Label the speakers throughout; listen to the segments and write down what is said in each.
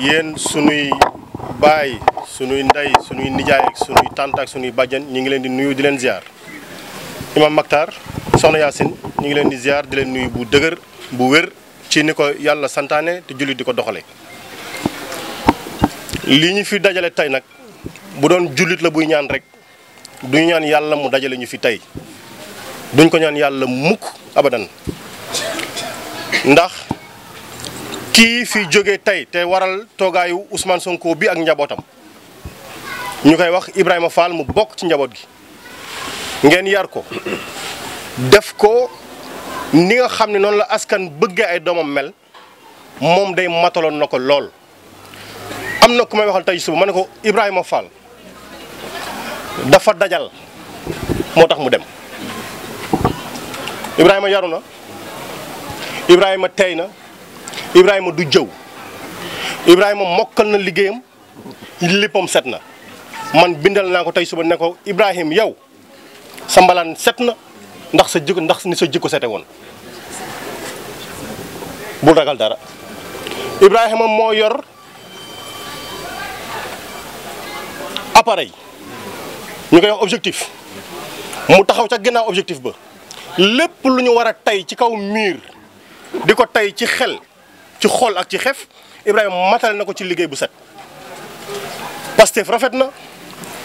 Speaker 1: yéen sunuy baay sunuy ndey sunuy nijaay ak sunuy tànt ak sunuy bàjjen ñu ngi leen di nuyu di leen ziar imam Maktar soxna Yaasin ñu ngi leen di ziar di leen nuyu bu dëgër bu wér ci ni ko yàlla santaane te jullit di ko doxale li ñu fi dajale tey nag bu doon jullit la buy ñaan rek duñu ñaan yàlla mu dajale ñu fi tey duñ ko ñaan yàlla mukk abadan ndax kii fi jóge tey te waral toogaayu Ousmane Sonko bi ak njabootam ñu koy wax Ibrahima Fall mu bokk ci njaboot gi ngeen yar ko def ko ni nga xam ne noonu la askan bëggee ay doomam mel moom day mataloon na ko lool. am na ku may waxal tey suba ma ne ko Ibrahima Fall dafa dajal moo tax mu dem Ibrahima yaru na Ibrahima tey na. Ibrahima du jëw Ibrahima mokkal na liggéeyam léppam set na man bindal naa ko tey suba ne ko Ibrahima yow sa mbalaan set na ndax sa jikko ndax ni sa jikko sete woon bu ragal dara Ibrahima moo yor appareil ñu koy wax objectif mu taxaw ca ginnaaw objectif ba lépp lu ñu war a tey ci kaw miir di ko tey ci xel ci xool ak ci xef Ibrahima matal na ko ci liggéey bu set Pastef rafet na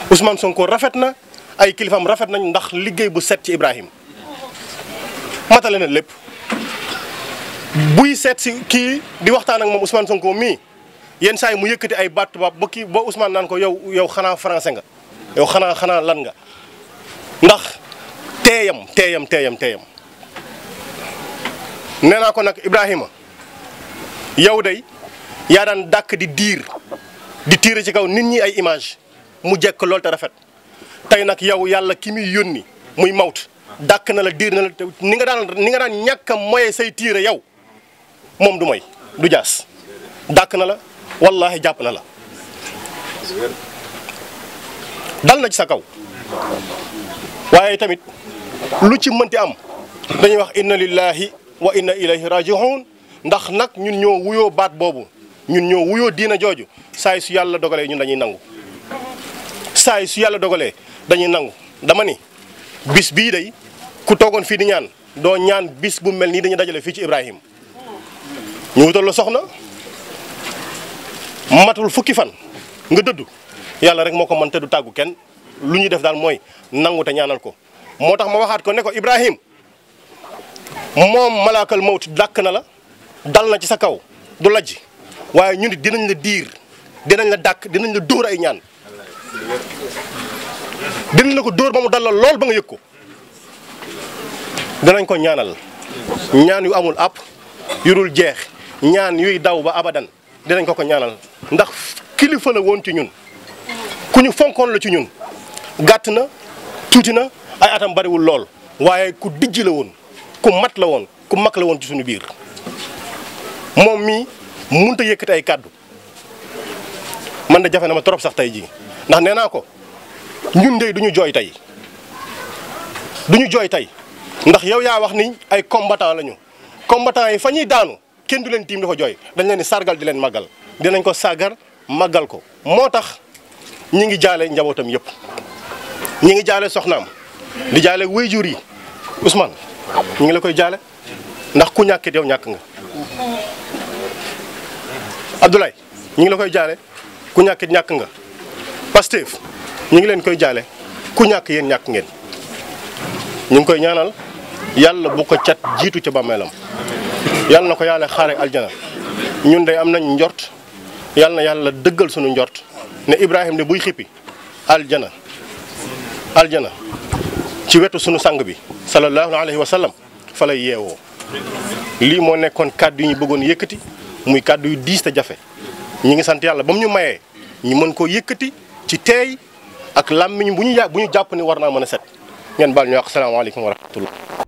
Speaker 1: usman Sonko rafet na ay kilifaam rafet nañ ndax liggéey bu set ci Ibrahima matale na lépp buy seet si kii di waxtaan ak moom Ousmane Sonko mii yenn saa mu yëkkati ay baat tubaab ba kii ba Ousmane naan ko yow yow xanaa francé nga yow xanaa xanaa lan nga ndax teeyam teeyam teeyam teeyam nee naa ko nag Ibrahima. yow day yaa daan dàkk di diir di tiire ci kaw nit ñi ay image mu jekk lool te rafet tey nag yow yàlla ki muy yónni muy mawt dàkk na la diir na la te ni nga daan ni nga daan ñàkk a moye say tiire yow moom du moy du jaas dàkk na la wallaahi jàpp na la dal na ci sa kaw waaye tamit lu ci mënti am dañuy wax inna lillahi wa inna ilayhi rajiun ndax nag ñun ñoo wuyoo baat boobu ñun ñoo wuyoo diina jooju saay su yàlla dogalee ñun dañuy nangu saay su yàlla dogalee dañuy nangu dama ni bis bii day ku toogoon fii di ñaan doo ñaan bis bu mel nii dañuy dajale fii ci Ibrahim ñu wutal la soxna matul fukki fan nga dëddu yàlla rek moo ko mën te du tàggu kenn lu ñuy def daal mooy nangu te ñaanal ko moo tax ma waxaat ko ne ko Ibrahim moom malaakal mawt dàkk na la dal na ci sa kaw du lajj waaye ñun nit dinañ la diir dinañ la dàkk dinañ la dóor ay ñaan dinañ la ko dóor ba mu dal la lool ba nga yëg ko danañ ko ñaanal ñaan yu amul àpp yurul jeex ñaan yuy daw ba abadan dinañ ko ko ñaanal ndax kilifa la woon ci ñun ku ñu fonkoon la ci ñun gàtt na tuuti na ay atam bariwul lool waaye ku dijj la woon ku mat la woon ku mak la woon ci suñu biir moom mii mënut a yëkkati ay kàddu man de jafe na ma trop sax tey jii ndax nee naa ko ñun de du ñu jooy tey du ñu jooy tey ndax yow yaa wax ni ay combattant lañu combattant yi fa ñuy daanu kenn du leen tiim dafa jooy dañ leen di sargal di leen màggal dinañ ko sargal màggal ko moo tax ñi ngi jaale njabootam yëpp ñi ngi jaale soxnaam di jaale wéyjur yi Ousmane ñu ngi la koy jaale ndax ku ñàkkit yow ñàkk nga Abdoulaye ñu ngi la koy jaale ku ñàkkit ñàkk nga Pastef ñu ngi leen koy jaale ku ñàkk yéen ñàkk ngeen ñu ngi koy ñaanal yàlla bu ko ca jiitu ca bàmmeelam yàlla na ko yàlla xaare aljana ñun de am nañ njort yàlla na yàlla dëggal suñu njort ne ibrahim de buy xippi aljana aljana ci wetu sunu sang bi sallallahu alayhi wa sallam fa lay yeewoo lii moo nekkoon kàddu yi ñu bëggoon yëkkati muy kàddu yu diis te jafe ñi ngi sant yàlla ba mu ñu mayee ñu mën koo yëkkati ci teey ak làmmiñ bu ñu bu ñu jàpp ni war naa mën a set ngeen baal ñu wax salaamaaleykum wa rahmatullah